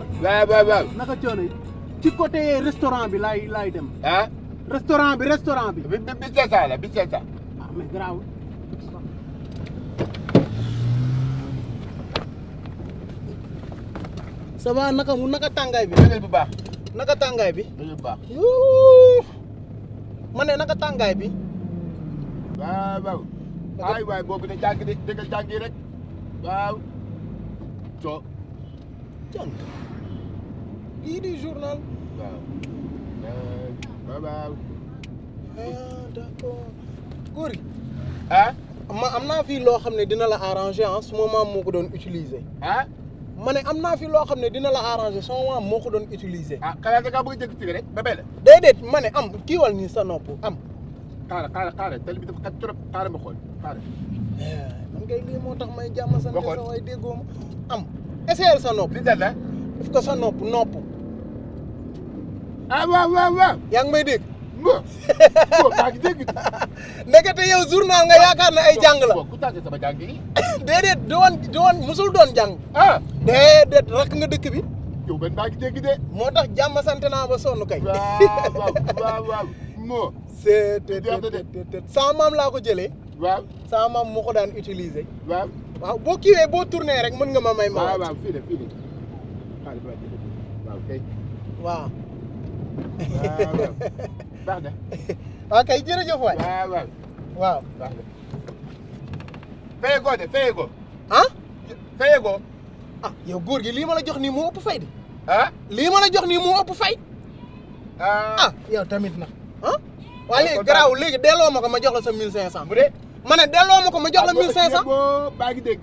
Babacar. waaw waaw waaw. restaurant bi laay laay dem. ah. restaurant bi restaurant bi. bi bi c'est ça la bi c'est ça. mais garaawul. ça naka mu naka tàngaay bi. dëgg bu baax. naka tàngaay bi. dëgg baax. ma naka tàngaay bi. waaw ay waay boobu de jàng de dëgg jàngi rek waaw. coo. jàng. lii di journal. waaw. Eh, bye bye. ah d'accord. góor ah. ma am naa fii loo xam ne dina la arranger ah su moo ko doon utiliser. ah. ma ne am naa fi loo xam ne dina la arranger sama maam moo ko doon utiliser. ah xanaa da ngaa bëgg a rek ba bay la. déedéet ma ne am kii wal nii sa nopp am. xaaral xaaral xaaral tali bi dafa xat trop xaaral ma xool xaaral. Eh, moo tax may jàmm sa waay déggoo ma am. essayel sa nopp. li sa nopp nopp. ah waaw waaw waaw. yaa ngi may dégg. non non maa ngi dégg. nga yaakaar ne ay jàng la. ku tàggee sama jàng yi. doon musul doon jàng. ah déedéet rakk nga dëkk bi. moo tax jàmm sant naa ba sonn kay. waaw waaw waaw moo. c'est sama laa ko jëlee. waaw sama moo ko daan utiliser. waaw waaw boo kiiwee boo tourné rek mën nga ma may. ma waaw waaw waaw. baax na. ok jërëjëf waay. waaw waaw. waaw baax na. fayagoo de ah, góor gi lii ma la jox nii moo ëpp fay de. ah lii ma la jox nii moo ëpp fay. ah, ah yow tamit na ah. waaye léegi garaaw léegi delloo ma ko ma jox la sa 1500. bu dee ma ne delloo ma ko ma jox la 1500. Ah, boo baa ngi dégg.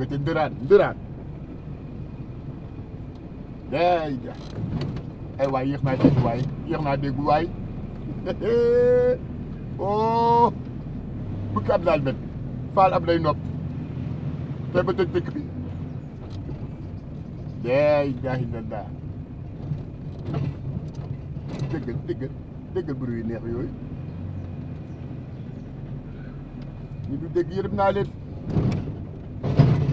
Bete ndëraan ndëraan day ja ay waay yéex naa dégg waay yéex naa dégg waay oh bukki ab laal met faal ab lay nopp te ba tëj dëkk bi day jaaxi na daa dëggal dëggal dëggal buru yu neex yooyu ñu du dégg naa leen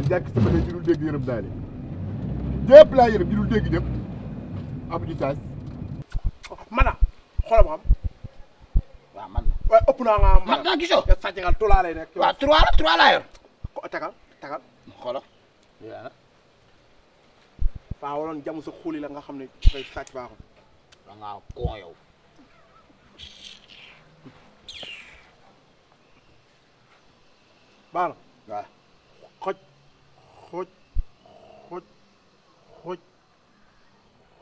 jàkk sama ne jurul dégg yërëm naa leen laa yërëm jurul dégg ñëpp amuñu caas oh, mana xoolal ma xam waaw man ëpp naa nga man nga gisoo sàccal trois lay nekk waaw trois la trois laa yor ko tagal tagal xoolal faa waroon jamu sa xuuli nga xam ne dafay sàcc baaxul koo yow baax Khoj, khoj, khoj,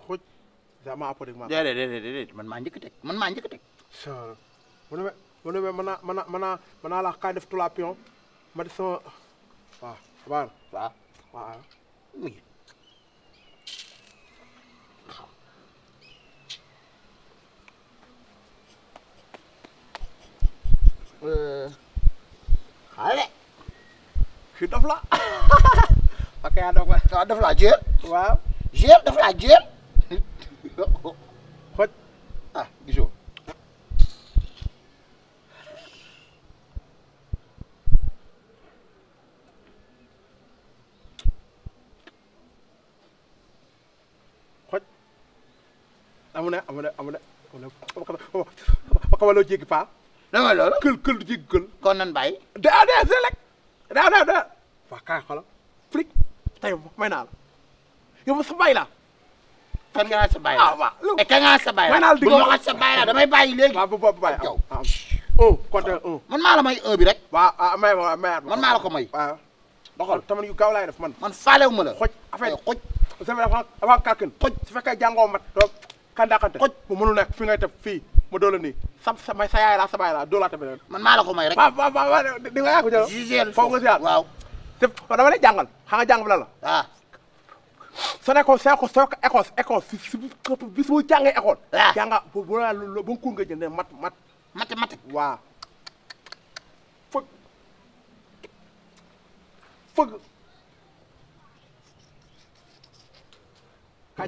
khoj. daa maa apporté maa. déedéet déedéet déedéet man maa njëkk a teg man maa njëkk a teg. saa mu ne ma mu ne ma mën naa mën naa mën naa mën naa laa kaay def tout la pion ma def sama waaw waaw. waaw waaw. Euh. xale. kii dof la. yaa dox ba. waaw daf laa jéem. waaw jéem ah gisoo. xoj amu ne amu ne amu ne xamaloo jéggi paa. kël kël du kël. kon nan bàyyi. daa daa rek daa daa daa. waa kaay xoolal tey may naa la yow sa bay la fan nga sa bay la ah waaw eh, ka nga sa bay la may naa la di nga wax sa bàyyi léegi. waaw ah, bu boobu bàyyi am am ah, ah. oh, oh. man maa la may bi rek. waaw may ma mayaat ma man la ko may. waaw doxal tamit yu gaaw laay def man. man faalewu ma la. xoj affaire eh, xoj. vous avez avant avant kàkkin xoj su fekkee jàngoo mat. donc kan dàqante xoj bu nekk fi ngay def fi ma doole nii sa sa sa yaay laa sa baay laa doolaata beneen. rek. waaw waaw waaw di nga yaa waaw. dama lay jàngal xam nga jàng bi la la. waaw. soo ko soo ko soo ko école école si si bu jàngee école. waaw ah. jànga bu bu la loo ba nga jël ne mat mat. mathématique waaw. fëgg fëgg. kay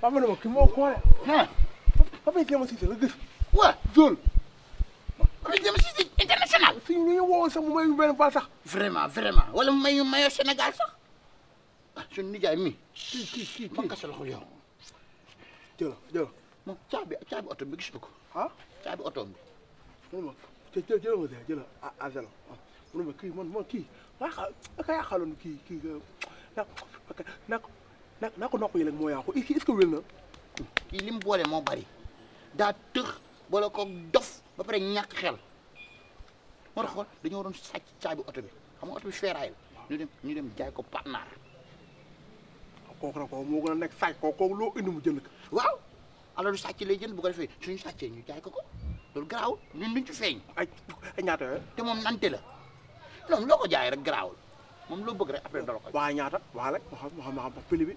papa ne ma kii moo ko ah papa Jéema Cissé la gis. waaw zone. papa Jéema Cissé international. suñ lu ñu woowoon sax mu may ñu benn bal sax. vraiment vraiment wala mu may ñu maillot Sénégal sax ah suñu nijaay mi. kii kii kii kii ma kese la ko yow. jëlo jëlo moom caabi caabi oto bi gis nga ko. ah caabi oto bi. mën ma jë jë jëloon nga jëloon à à zéro mën ma kii man man kii waaw xa ka yaakaaroon kii kii naka naka. naa naa ko nopp yi rek moo yaa ko est ce que wér na. kii li mu boole moo bari daa tëx boole ko dof ba pare ñàkk xel moo tax dañoo doon sàcc caabi oto bi xam nga oto bi feeraay ñu dem ñu jaay ko partenaire. kooku nag kooku moo gën a nekk sàcc kooku kooku loo indi mu jënd ko. waaw lay jënd bu ko defee suñu sàccee ñu jaay ko ko loolu garaawul ñun duñ ci feeñ. ay ñaata yooyu. te moom nante la non loo ko jaayee rek garaawul moom loo bëgg rek après dara ko. waaw ñaata waaw rek ma xam ma xam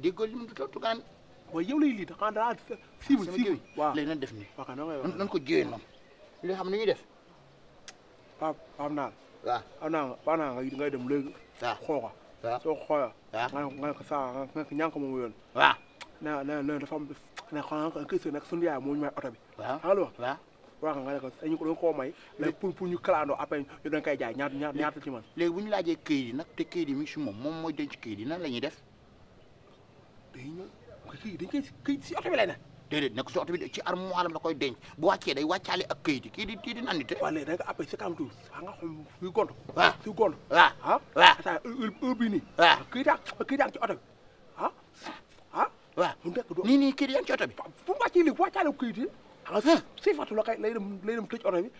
déggoo li mu tukaan. mooy yow lay lii da xanaa daa siiwul siiwul waaw léegi nan def nii. waaw nan nan ko jiwee noonu. li xam ni ñuy def. Pape Pape Naar. waaw Pape Naar Pape Naar ngay dem léegi. waaw xooxa. waaw soo xooxa. waaw nga nga ko saa nga ko ñànk moom yoon. waaw na na na dafa am ne xanaa question nag sunu yaay moo ñu may oto bi. waaw xam nga waaw nga ne ko dañu ko doon koo may. léegi pour pour ñu kalaandoo après ñu doon koy jaay ñaata ñaata ci man. léegi bu ñu laajee këyit yi nag te këyit yi mi ngi si moom moom mooy denc këyit yi nan la ñuy def day ñëw kii dañ koy këyit si oto bi ne déedéet nekk si ci armoire am la koy denc bu wàccee day wàccaale ak këyit yi kii di kii di nandite waaw léegi da nga appelé si kam tuur waa nga xam suy gont waaw suy gont waaw ah waaw ata heure bi ah ah waaw mu nekk doo nii nii këyit yaa ngi ci oto bi bu wàccee léegi si fàttu kay lay dem lay dem tëj oto bi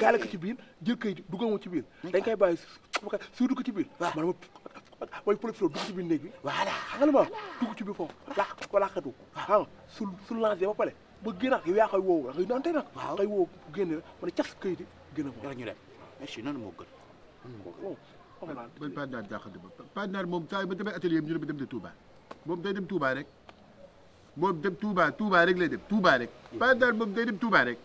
gaale ko ci biir jël këyit dugal mo ci biir dañ koy bàyyi su ko ci mooy profité dugg ci biir néeg bi. voilà xam nga ma dugg ci biir foofu làq ko làqatu. Ah. ah su su lancé ba pare ba génnaat yow yaa koy woowu da ngay naan tey nag. waaw ngay woowu génne rek ma ne cas këyit yi gën a moom. dara ñu dem merci nan moo gën. man oh, oh, oh. Pape Ndar jaaxal ma Pape Ndar moom saa yu ma demee atelier bi ñu ne ma dem de Touba moom day dem Touba rek moom dem Touba Touba rek lay dem Touba rek Pape Ndar moom day dem Touba rek.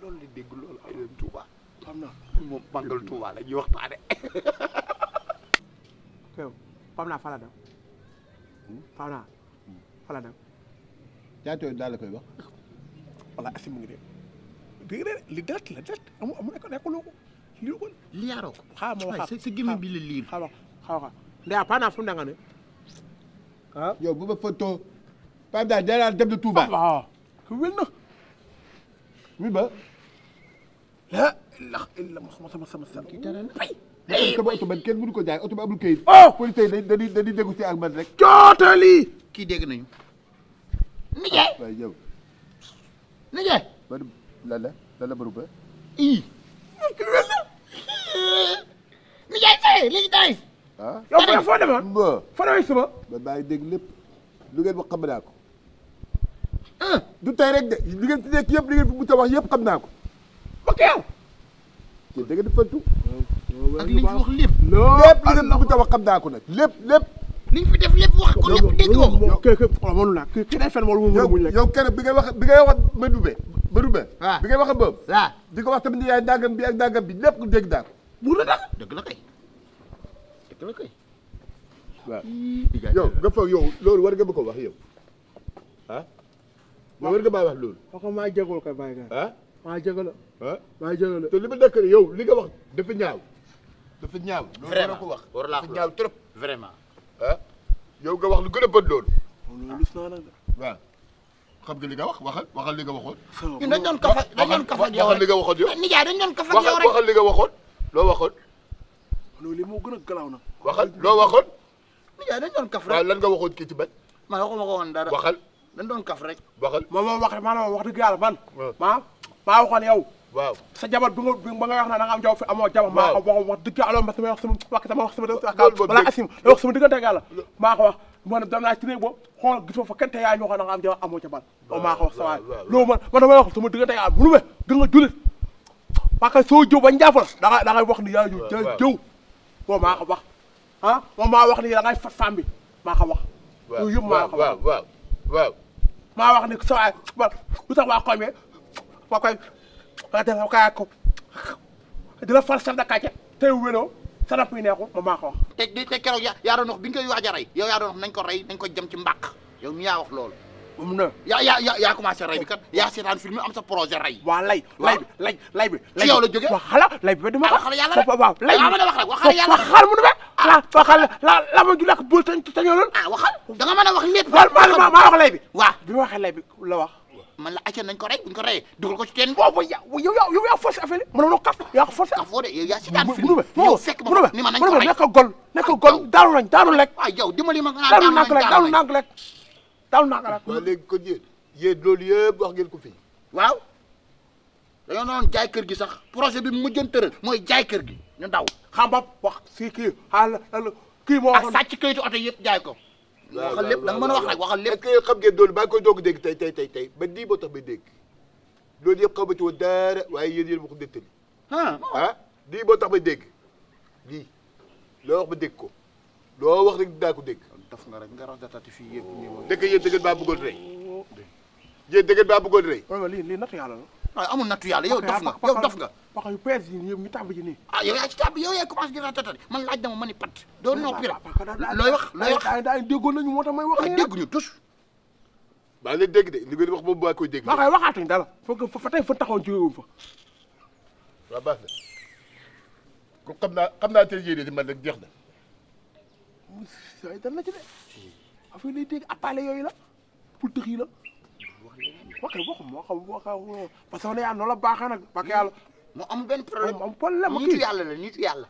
loolu la dégg loolu la dégg loolu ay dem Touba. xam naa moom màggal Tuuba fala dem hmm? Pape Naar fala dem ñaata yoon daal la koy wax wala asim mu ngi dee dégg nga li deret amu amu nekk nekkuloo ko liiru ko liyaaroo ko xaa moo xaa sa gémmiñ bi liir xaa wax xaa wax ndaa Pape Naar fu mu danga ne ah yow Tuuba waaw wér na mi ba ilax illa ma sama sama sama sama kii tere na fay sama oto man kenn mënu ko jaay oto bi amul kayit oh police yi dañuy dañuy négocier ak man rek cootali kii dégg nañu nijaay ah, waaye yow nijaay bari la la la la baru ba i nijaay say léegi tay ah yow foo demoon foo demee suba ba bàyyi dégg lépp lu ngeen wax xam naa ko ah. du tey rek de li ngeen fi nekk yëpp li ngeen fi mu ta wax yëpp xam naa ko ok kii dëgg di fëttu ak li ñu wax lépp lépp li nga bëgg a wax xam naa ko nag lépp lépp li ñu fi def lépp wax ko lépp dégg ko yow kër kër walu naa kër kër fen walu muñ la yow kër bi ngay wax bi ngay wax Madoumbe Madoumbe ah. bi ngay wax a bëb waaw ah. di ko wax tamit yaay dàggam bi ak dàggam bi lépp ko dégg daal bu la tax dëgg la kay dëgg la kay waaw yow nga foog yow loolu war nga bëgg ko wax yow ah war nga bàyyi wax loolu waxo maa jégul kay bàyyi ga ah? maa jégal ah maa ngi jëloon te li mu nekk nii yow li nga wax dafa ñaaw. dafa ñaaw loolu la ko wax dafa ñaaw trop vraiment. ah yow nga wax lu gën a bët loolu. waaw xam nga li nga wax waxal waxal li nga waxoon. ñun dañu doon kafa dañu doon kafa ak yow rek waxal li nga waxoon yow. Ah, nijaay dañu doon kafa ak yow rek waxal li nga waxoon loo waxoon. loolu li moo gën a galaaw nag. waxal loo waxoon. nijaay dañu doon kaf rek waaw lan nga waxoon kii ci bañ. maa waxuma ko woon dara waxal. dañu doon kaf rek. waxal ma ma wax ma la wax dëgg yàlla man. maa maa waxoon yow waaw sa jabar bi nga ba nga wax naa da nga am jaw fi amoo jabar maa ko wax wax dëgg alo ma sama wax sama wax sama wax sama wala asim da wax sama diggante ak yàlla maa ko wax man dem naa ci néeg boobu xool gisoo fa kente yaay ñoo xam da nga am jabar amoo jabar o maa ko wax sa waay loolu man man damay wax sama diggante ak yàlla munu me da nga julit parce que soo jëw ba njaafa la danga da ngay wax ni yaa jëw ja jëw boo maa ko wax ah moom maa wax ni da ngay fat femme bi maa ko wax yooyu yëpp maa ko wax waaw maa wax ni sa waay lu tax waa koy mee waa koy danga kaa ko dina far saf da kàcce tey wélo sa napp yi neexul ma maa ko wax te te keroog yaa doon wax bi nga koy waaj a rey yow yaa nañ ko rey nañ ko jëm ci mbàq yow yaa wax loolu um na yaa yaa yaa commencé rey bi kat yaa seetaan film am sa projet rey waa lay lay bi lay lay bi la jógee wax xala lay bi dama wax xala yàlla la waaw lay bi ah, mën a wax rek waxal yàlla waxal mu ne la waxal la la ma ju lakk bul tañ tañoo loolu ah waxal da nga mën a wax lépp maa wax lay bi waaw bi ma waxee lay bi la wax man la acca nañ ko rey buñ ko reyee dugal ko ci teen waaw waaw yow yaa yow yaa forcé affaire yi mënoo kaf yaa ko forcé kafoo de yow yaa si daan film yow fekk ma ni ma nañ ko rey nekk gol nekk gol daanu nañ daanu lekk waaw yow dimbali ma daanu nank lekk daanu nank lekk daanu nank lekk waaw léegi kon yéen yéen loolu yëpp wax ngeen ko fii waaw dañoo noon jaay kër gi sax projet bi mujjën tëral mooy jaay kër gi ñu daw xam bopp wax si kii xaal kii moo ak sàcc kayitu oto yëpp jaay ko واخليك لما انا واخليك واخليك يبقى دول باكو دوك ديك تاي تاي تاي تاي بدي بطه بديك دول يبقى بتودار وهي دي المخدتل ها ها دي بطه بديك دي لو بديكو لو واخدك داكو ديك daf nga rek nga ratatati fii yëpp nii dëkk yéen dëggal baa bëggoon rey yéen dëggal baa bëggoon rey lii natt yàlla la ah amul nattu yow dof nga yow dof nga. paka yu pees yi ñu tàmb ji nii. ah yow yaa ci tàmb yow yaa commencé di ratatati man laaj dama ma ni pat. doo noppi bah, rek bah, looy wax looy wax ay ay déggoon nañu moo tax may wax. Ah, dégguñu tus. tous. Ba lay dégg de li ngeen wax moom maa koy dégg. waaw kay waxaatuñ dara foog fa tey fa taxawoon ci réewam fa. waaw baax na kon xam naa xam tey yéene di man rek jeex na. saa yi dara la ci de. affaire yi lay dégg appale yooyu la pour tëx yi la. wakal waxum waxal waxal parce que yàlla noonu la baaxee nag parce que hmm. yàlla mu am benn problème am problème kii nitu yàlla la nitu yàlla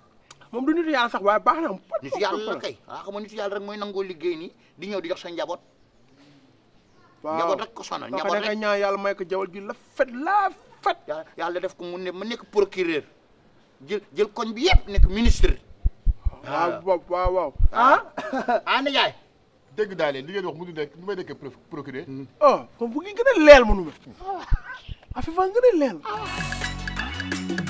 moom du nitu yàlla sax waaye baax na am nitu yàlla la kay waa xam nga nitu rek mooy nangoo liggéey nii di ñëw di jox sa njaboot waaw njaboot rek ko sonal njaboot rek ñaan yàlla may ko jawal ji la fet la fet yàlla ya, def ko mu ne ma nekk procureur jël jël koñ bi yëpp nekk ministre waaw waaw waaw ah ah Ndiaye dégg daal li ngeen wax mu nekk nu may nekkee procuré. ah hmm. oh, kon bu ngeen gën a leel ma nu ma. Ah. ngeen